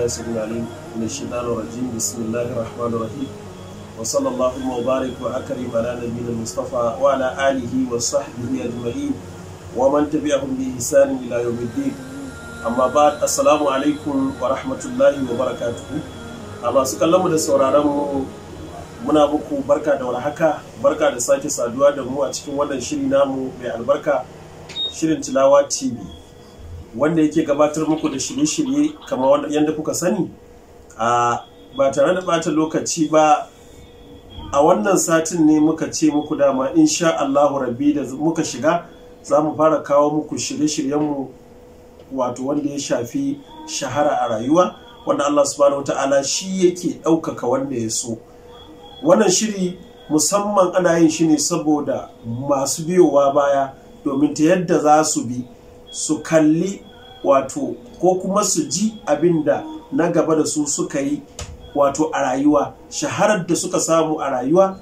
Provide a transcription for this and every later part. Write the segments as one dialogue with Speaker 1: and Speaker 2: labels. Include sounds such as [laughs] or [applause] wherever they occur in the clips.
Speaker 1: بالله السميع العليم من الشيطان الرجيم بسم الله الرحمن الرحيم وصلى اللهم وبارك وأكرم على نبينا المصطفى وعلى آله وصحبه أجمعين ومن تبعهم بإحسان إلى يوم الدين أما بعد السلام عليكم ورحمة الله وبركاته أما سكلمو da sauraron mu muna muku barka da warhaka barka da sake saduwa da mu a cikin wannan shiri namu mai albarka shirin tilawa TV wanda yake gabatar muku da shirye-shirye kamar yadda kuka sani a ba tare da bata lokaci ba a wannan satin ne muka ce muku dama insha Allahu rabbi da muka shiga za mu fara kawo muku shirye-shiryenmu wato wanda ya shafi shahara a rayuwa wanda Allah subhanahu ta'ala shi yake ɗaukaka wanda ya so wannan shiri musamman ana yin shi ne saboda masu biyowa baya domin ta yadda za su bi su kalli wato ko kuma su ji abin da na gaba da su suka yi wato a rayuwa shaharar da suka samu a rayuwa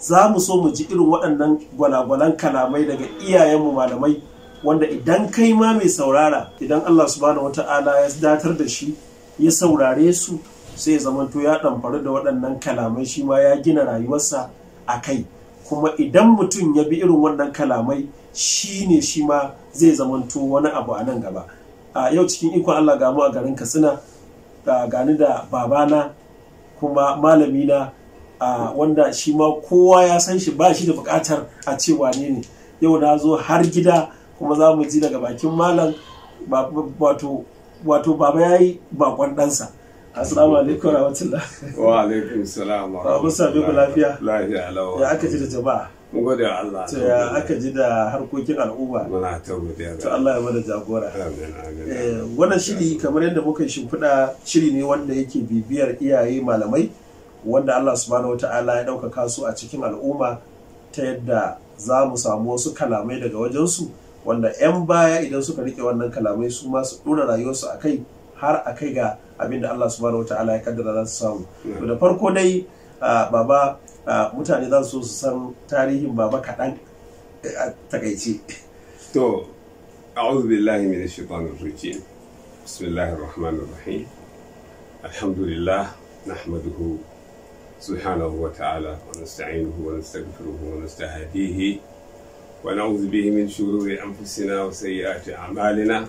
Speaker 1: za mu so mu ji irin waɗannan gwalagwalan kalamai daga iyayenmu malamai wanda idan kai ma mai saurara idan Allah subhanahu wata'ala ya datar da shi ya saurare su sai ya zamanto ya ɗamfaru da waɗannan kalamai shi ma ya gina rayuwarsa a kai kuma idan mutum ya bi irin wannan kalamai shi ne shi ma zai zamanto wani abu a nan gaba a yau cikin ikon allah gamu a garin katsina gani da babana kuma malamina wanda shi ma kowa ya san shi ba shi da bukatar a ce wane ne yau na zo har gida kuma za mu ji daga bakin malam wato baba ya yi bakon ɗansa Assalamu alaikum Wa
Speaker 2: alaikum salam wa rahmatullah. bai ku lafiya. Lafiya Ya aka ji da jama'a. mun gode wa Allah to ya aka ji da harkokin al'umma muna ta godiya to Allah ya mana jagora eh
Speaker 1: wannan shiri kamar yadda muka shimfiɗa shiri ne wanda yake bibiyar iyaye malamai wanda Allah subhanahu wataala ya ɗaukaka su a cikin al'umma ta yadda za mu samu wasu kalamai daga wajensu wanda 'yan baya idan suka rike wannan kalamai su ma su ɗora rayuwarsu a kai har a kai ga abin da Allah subhanahu wataala ya kaddara za su samu da farko dai ah, baba mutane za su su san tarihin baba kaɗan
Speaker 2: eh, a takaici. To, a'udhu billahi min shaitanir rajim. Bismillahir rahmanir rahim. Alhamdulillah nahmaduhu Suhanahu wa ta'ala wa nasta'inuhu wa nastaghfiruhu wa nasta'hidihi wa na'udhu bihi min shururi anfusina wa sayyiati a'malina.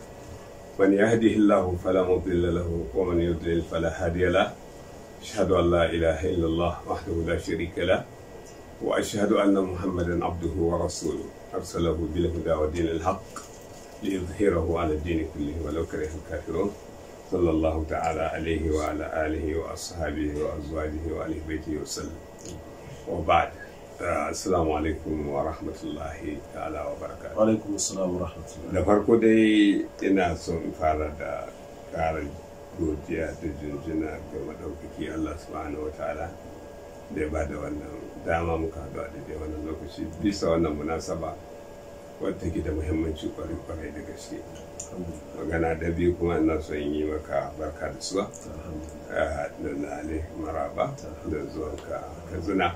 Speaker 2: من يهده الله فلا مضل له ومن يضلل فلا هادي له أشهد أن لا إله إلا الله وحده لا شريك له وأشهد أن محمدا عبده ورسوله أرسله بالهدى ودين الحق ليظهره على الدين كله ولو كره الكافرون صلى الله تعالى عليه وعلى آله وأصحابه وأزواجه وآله بيته وسلم وبعد آه، السلام عليكم ورحمة الله تعالى وبركاته وعليكم السلام ورحمة الله da farko إنا سنفارد كارج godiya da jinjina ga maɗaukaki Allah subhanahu wa ta'ala da ya ba da wannan dama muka haɗu da dai wannan lokaci bisa wannan munasaba wadda take da muhimmanci kwarai kwarai da gaske magana da biyu kuma ina son yi maka barka da suwa ah, da lale maraba da ka kazuna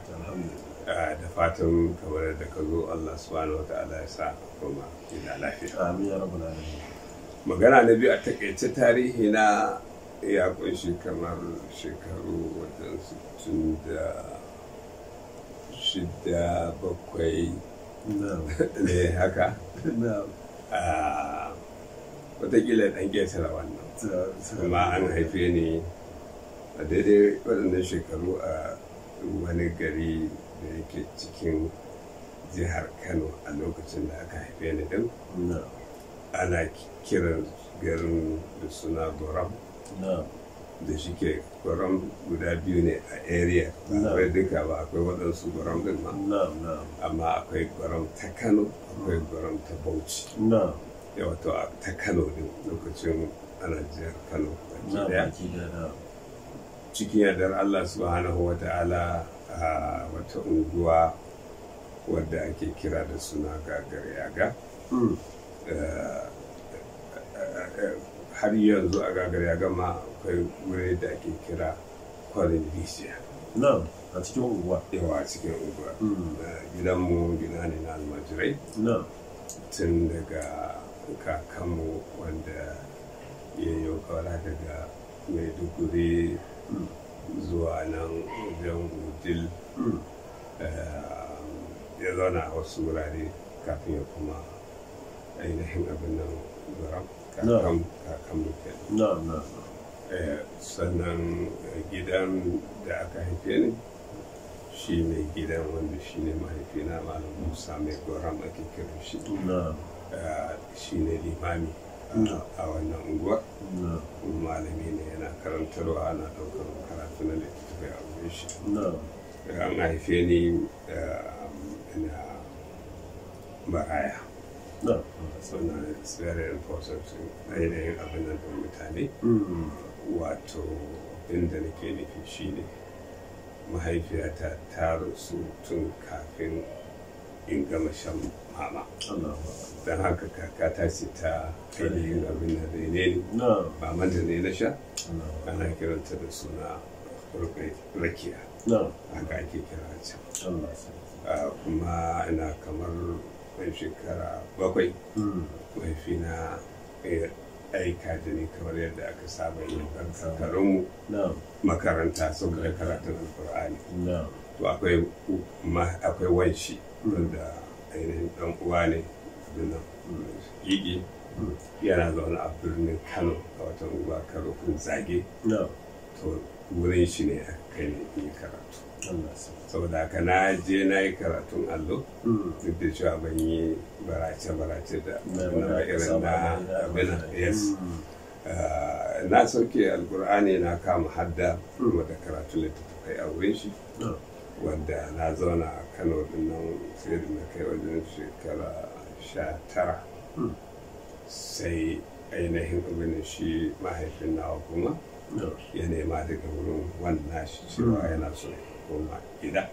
Speaker 2: ah, da fatan kamar da ka zo Allah subhanahu wa ta'ala ya sa kuma ina lafiya magana na biyu a takaice tarihi na ya eh, kunshi kamar shekaru wajen sittin da shida bakwai ne [laughs] eh, haka ah, watakila ɗan ƙetare wannan kuma an haife ni a daidai waɗannan shekaru a wani gari da yake cikin jihar kano a lokacin da aka haife ni din ana kiran garin da suna goram da shi ke gwaram guda biyu ne a area ba akwai duka ba akwai waɗansu kwaron din ma amma akwai kwaron ta kano akwai kwaron ta bauchi ya wato ta kano din lokacin ana jihar kano cikin yadar allah subhanahu wa ta'ala a wata unguwa wadda ake kira da suna gagar yaga hmm. eh, eh, eh, har yanzu a gagar ya gama akwai wuri da ake kira kwarin bishiya nan a cikin unguwa yawa a cikin unguwa hmm. mu gina ne na almajirai tun daga kakanmu wanda ya yi kawara daga maiduguri hmm. zuwa nan wajen gudil hmm. eh, ya zauna wasu wurare kafin ya kuma ainihin abin nan garam kakan mu kenan eh, sannan eh, gidan da aka haife ni shi ne gidan wanda shi ne mahaifina malam musa mai goron ake kira shi eh, shi ne limami a wannan unguwar malami ne yana karantarwa ana daukar karatu na littattafai a wurin shi an haife ni ina baraya suna it's very important ainihin abin da mutane mm. wato inda nake nufi shine mahaifiyata ta rasu tun kafin in gama shan mama don haka kaka ta ce ta ainihin abin da ne ba manta ne na sha ana kiranta da suna rakiya haka ake kira can ah, kuma ina kamar ɗan shekara bakwai hmm. mahaifina ya aika da ne kamar yadda aka saba yin karkarunmu makaranta saboda karatun alkur'ani to akwai wanshi hmm. wanda ainihin ɗan uwa ne abinan hmm. gigi yana zaune a birnin kano a watan uba karo kun zage to wurin shi ne a kai ne yi karatu saboda haka na je na yi karatun allo hmm. duk da cewa ban yi barace-barace da na irin na abin yes hmm. ah, na sauke albur'ani na kama hadda wadda hmm. karatu littattafai a wurin shi Wadda na zauna a kano nan sai da na kai wajen shekara sha tara sai ainihin abin shi mahaifin nawa kuma ya nema daga wurin wannan shi cewa hmm. yana so ya koma gida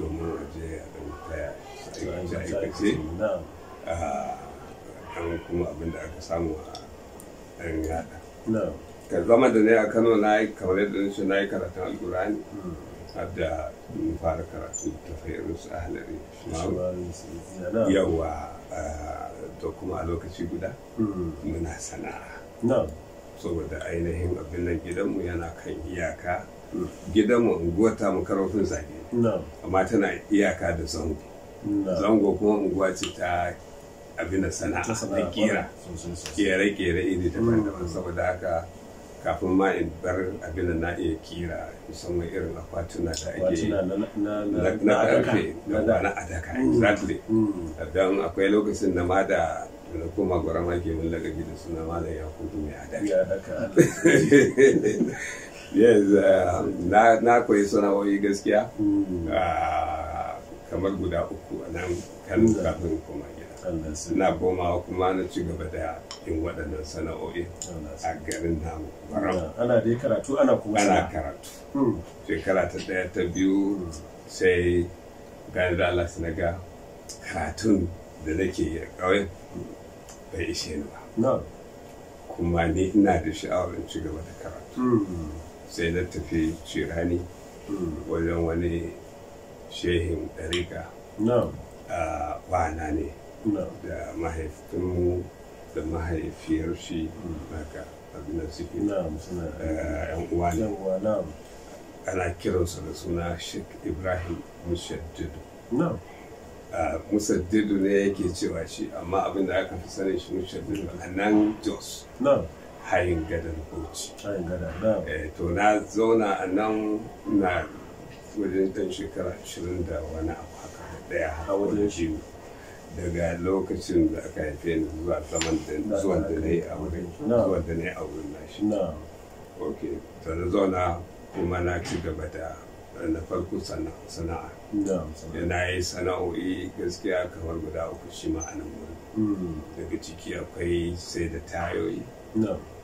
Speaker 2: domin waje a ɗan taya aikace a ah, an kuma abin da aka samu a ɗan yada ka zama da ne a kano na yi kamar yadda na na yi karatun alkurani hmm. abda da mun fara karatu ta fayyarun su a halari yawa da kuma a lokaci guda hmm. muna sana'a saboda ainihin abin nan gidanmu yana kan iyaka gidanmu unguwa ta makarantun zage amma tana iyaka da zango zango kuma unguwa ce ta abin sana'a da kira kere-kere iri mm. daban-daban saboda haka kafin ma in bar abin na iya kira musamman irin akwatuna da ake na karfe na adaka exactly mm. Mm. don akwai lokacin na ma da da koma gwara ma ke mun lagabi da suna malam yakubu mai adaka yes um, na koyi sana'o'i gaskiya hmm. ah, kamar guda uku a nan kano hmm. kafin koma gida na komawa kuma na ci gaba da yin waɗannan sana'o'i a garin namu ana dai karatu ana kuma ana karatu hmm. shekara ta ɗaya ta biyu sai gani da Allah na ga karatun da nake yi a ƙauyen bai ishe ni ba kuma ni ina da sha'awar ci gaba da karatu mm. sai na tafi cirani mm. wajen wani shehin ɗarika a bana ne da mahaifinmu da mahaifiyar shi maka mm. abin da suke yan uwa ne ana kiransa da suna Sheikh ibrahim mushaddadu musa didu ne yake cewa shi amma abin da aka fi sanin shi musaddidu a nan jos hayin gadar bauchi eh, to na zauna a nan na wajen ɗan shekara ashirin da wani abu haka ɗaya a wajen jiwo daga lokacin da aka haife ni zuwa zaman da zuwa da ne a wurin zuwa da na a wurin nashi ok to na zauna kuma na ci gaba da na farko sana'a yana yi sana'o'i gaskiya kamar guda uku shi ma'anin wurin hmm. daga ciki akwai sai da tayoyi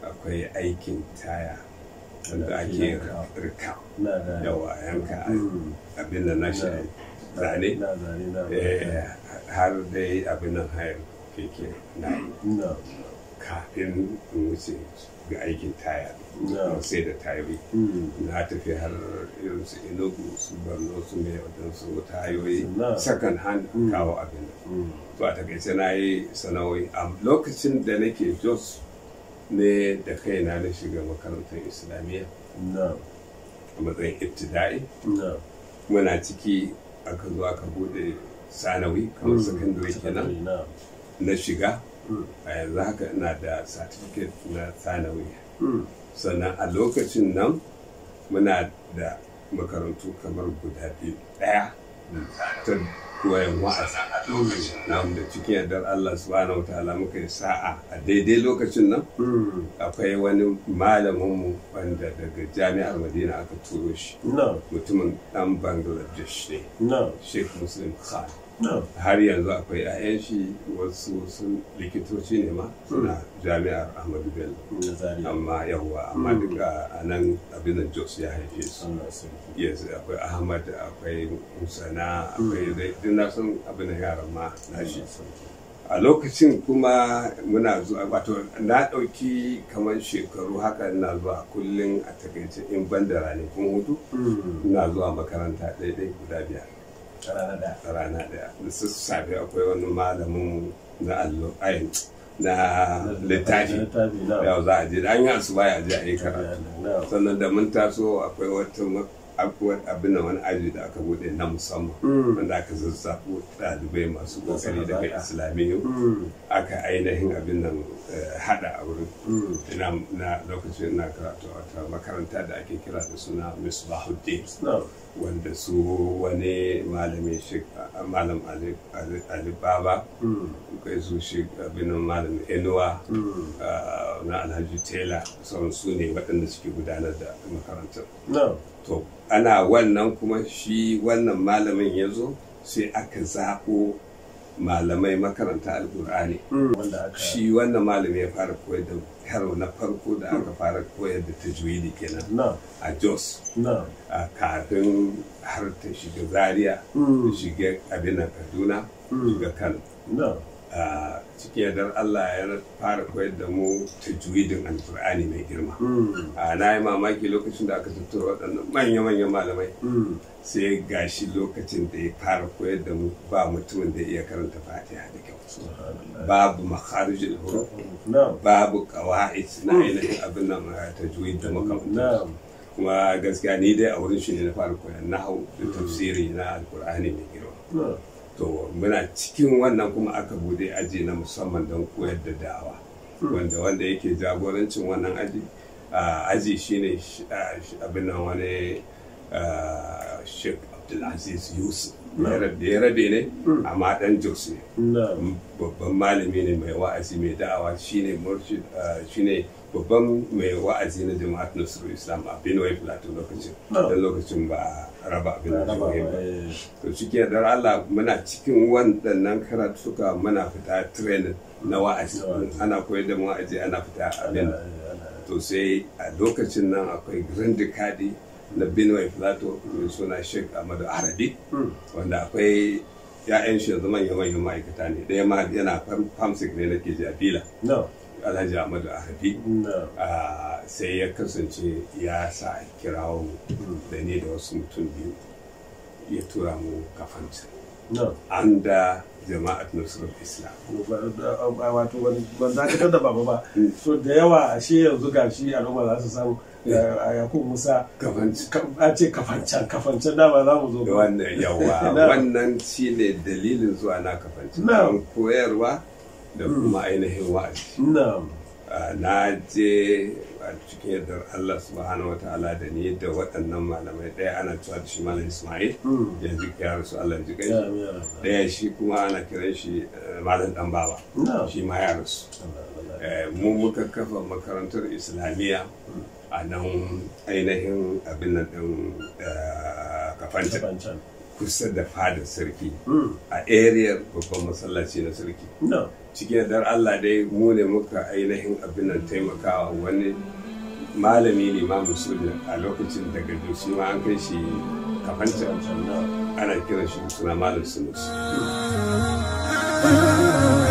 Speaker 2: akwai aikin taya wanda ake rika yawa yanka hmm. abin da na shi zane eh, har dai abin nan hayar keke na kafin in wuce ga aikin taya sai da tayoyi hmm. na tafi har irin su inogu su barno su mai su tayoyi second hand hmm. kawo abin da hmm. to a takaice na yi sana'o'i a lokacin da nake jos ne da kaina na shiga makarantar islamiyya a matsayin ibtida'i muna ciki aka zo aka bude sanawi kamar sakandare kenan na shiga a yanzu haka ina da satifiket na sanawi hmm. sannan a lokacin nan muna da makarantu kamar guda biyu ɗaya ta koyan wa'azi na da cikin yardar Allah subhanahu wataala muka yi sa'a a daidai lokacin nan hmm. akwai wani mu wanda daga jami'ar madina aka turo shi mutumin ɗan bangladesh ne sheikh muslim khan har yanzu akwai 'ya'yan shi wasu sun likitoci ne ma suna jami'ar ahmadu bello amma Yawwa, amma mm. duka a nan abin jos ya haife su Yanzu akwai ahmad akwai musana akwai mm. dai na san abin yaran ma na shi a lokacin kuma muna zuwa wato na ɗauki kamar shekaru haka na zuwa kullum a takaice in ban da ranakun hutu mm. ina zuwa makaranta ɗaiɗai guda biyar a rana ɗaya, da su safe akwai wani malamin na allo ayin na littafi yau za a je an yi asuba ya je a yi karatu sannan da mun taso akwai wata akwai abin da wani aji da aka bude na musamman mm. wanda aka zazzafo ɗalibai masu kokari daga islamiyyu mm. aka ainihin abin nan eh, hada a wurin mm. na lokacin na karatu a makaranta da ake kira da suna misbahuddin wanda su wani malami malam alibaba kai su shi abin malam enuwa ah, na alhaji tela sauran su ne waɗanda suke gudanar da makarantar to ana wannan kuma shi wannan malamin ya zo sai aka zaɓo malamai makaranta alkur'ani hmm. shi wannan malami ya fara koyar da karo na farko da aka fara koyar da da kenan a jos a kafin har ta shiga zaria ta hmm. shiga abin kaduna hmm. shiga kano a cikin yadda Allah ya fara koyar da mu tajwidin alkur'ani mai girma hmm. a na yi mamaki lokacin da aka tattara waɗannan manya-manyan malamai hmm. sai gashi lokacin da ya fara koyar da mu ba mutumin da iya karanta fatiha da kyau babu makharijul huruf babu qawaid na hmm. ainihin abin nan eh, tajwid da muka kuma gaskiya ni dai a wurin shi ne na fara koyan nahau da tafsiri na alkur'ani mai girma to muna cikin wannan kuma aka bude aji na musamman don koyar da dawa hmm. wanda wanda yake jagorancin wannan aji aji shine abin nan wani sheikh abdulaziz yusuf ya rabe ne hmm. amma dan jos ne babban malami ne mai wa'azi mai da'awa shine murshid ah, shine babban mai wa'azi na jama'at nasiru islam a benue plateau lokacin Dan lokacin ba raba abin da ba eh. to cikin dar allah muna cikin waɗannan karatuka muna fita training na wa'azi ana koyar da wa'azi ana fita abin to sai a lokacin nan akwai grand kadi na benue plateau mai suna sheikh ahmadu arabi hmm. wanda akwai ya'yan shi yanzu manya manyan ma'aikata ne ɗaya ma yana famsik ne na ke jabila alhaji ahmadu arabi ah, sai ya kasance ya sa kirawo hmm. da ne da wasu mutum biyu ya tura mu kafancin jama'a jama'at nusrar islam wato ban dakatar da baba ba so da yawa a shi
Speaker 1: yanzu gashi al'umma za su samu eh. Eh, a yakub musa a ce kafancan
Speaker 2: kafancan dama za mu zo wannan yawa [laughs] wannan shi ne dalilin zuwa na kafancan koyarwa da kuma ainihin wa'azi Ah, na je a cikin yadda Allah subhanahu wataala da ni da waɗannan malamai ɗaya ana cewa da shi malam Ismail hmm. yanzu ya rasu Allah ji kai ɗaya shi kuma ana kiran shi eh, malam dan baba shi ma ya rasu eh, mu muka kafa makarantar islamiyya hmm. a nan ainihin abin nan ɗin eh, kafancan kusa da fadar sarki hmm. a area babban masallaci na sarki cikin dar Allah dai mu ne muka ainihin abin nan taimakawa wani malami ne ma musulmi a lokacin daga dosi ma an kai shi kafanta ana kiran shi suna malam sunus hmm.